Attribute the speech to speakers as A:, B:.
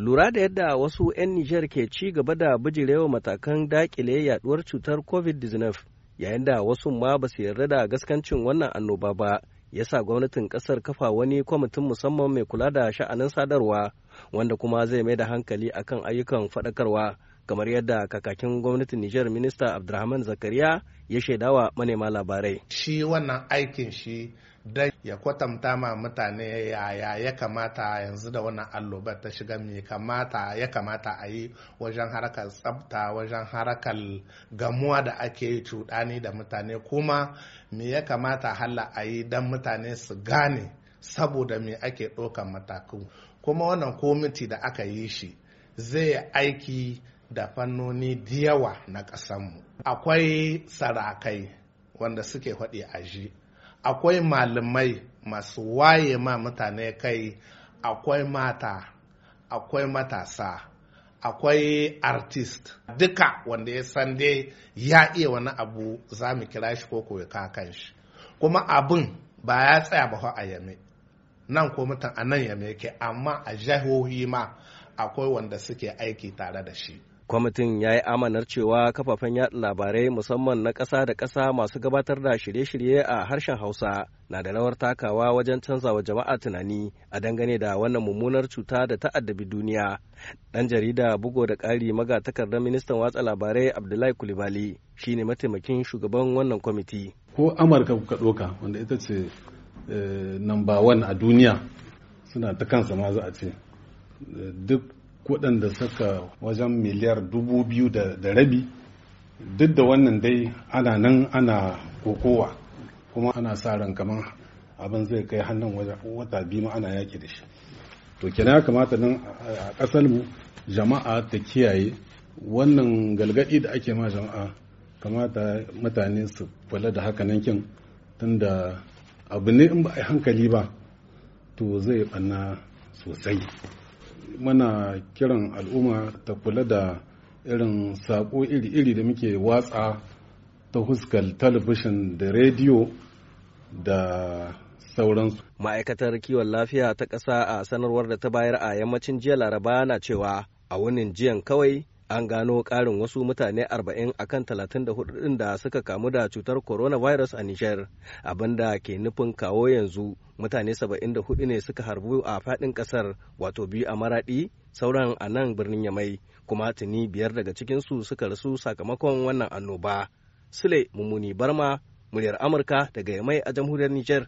A: Lura da yadda wasu 'yan Nijar ke ci gaba da bijirewa matakan dakile yaduwar cutar COVID-19 yayin da wasu ma ba su yarda da gaskancin wannan annoba ba, ya sa gwamnatin kasar kafa wani kwamitin musamman mai kula da sha'anin sadarwa wanda kuma zai mai da hankali akan ayyukan faɗakarwa kamar yadda kakakin gwamnatin Nijar minista Abdulrahman Zakariya ya shaidawa manema labarai shi wannan aikin shi
B: don ya kwatanta ma mutane yaya ya kamata yanzu da wannan allobar ta shiga mai kamata ya kamata a yi wajen harkar tsafta wajen harkar gamuwa da ake yi cuɗani da mutane kuma me ya kamata hala a yi don mutane su gane saboda me ake ɗaukan mataku kuma wannan komiti da aka yi shi zai aiki da fannoni diyawa na ƙasanmu akwai sarakai wanda suke a ji. akwai malamai masu waye ma mutane kai akwai mata akwai matasa akwai artist duka wanda ya san dai ya iya wani abu za mu kira shi ko kuwa kan shi kuma abin ba ya tsaya ba a yame nan ko mutum a nan yame yake amma a jihohi ma akwai wanda suke aiki tare da shi
A: kwamitin ya yi amanar cewa kafafen yaɗa labarai musamman na ƙasa da ƙasa masu gabatar da shirye-shirye a harshen hausa na da rawar takawa wajen canzawa jama'a tunani a dangane da wannan mummunar cuta da ta addabi duniya ɗan jarida bugo da ƙari magatakardar ministan watsa labarai abdullahi kulibali shine mataimakin shugaban wannan kwamiti ko amurka kuka ɗauka wanda ita ce
C: eh, namba one a duniya suna ta kansa ma za a ce eh, duk waɗanda suka wajen miliyar dubu biyu da rabi duk da wannan dai ana nan ana kokowa kuma ana sa ran kamar abin zai kai hannun wata biyu ma ana yaki da shi to kina ya kamata nan a ƙasar mu jama'a ta kiyaye wannan galgadi da ake ma jama'a kamata mutane su kula da haka nan kin tunda abu ne in ba a hankali ba to zai banna sosai muna kiran al'umma ta kula da irin saƙo iri-iri da muke watsa ta huskar talabishin da rediyo da sauransu.
A: Ma'aikatar kiwon lafiya ta ƙasa a sanarwar da ta bayar a yammacin jiya Laraba na cewa a wunin jiyan kawai an gano ƙarin wasu mutane 40 akan 34 ɗin da suka kamu da cutar coronavirus a Nijar, abinda ke nufin kawo yanzu mutane 74 ne suka harbu a faɗin ƙasar wato biyu a maraɗi sauran a nan birnin Yamai, kuma tuni biyar daga cikinsu suka rasu sakamakon wannan annoba. Sule Mummuni Barma, muryar Amurka daga Yamai a jamhuriyar Nijar.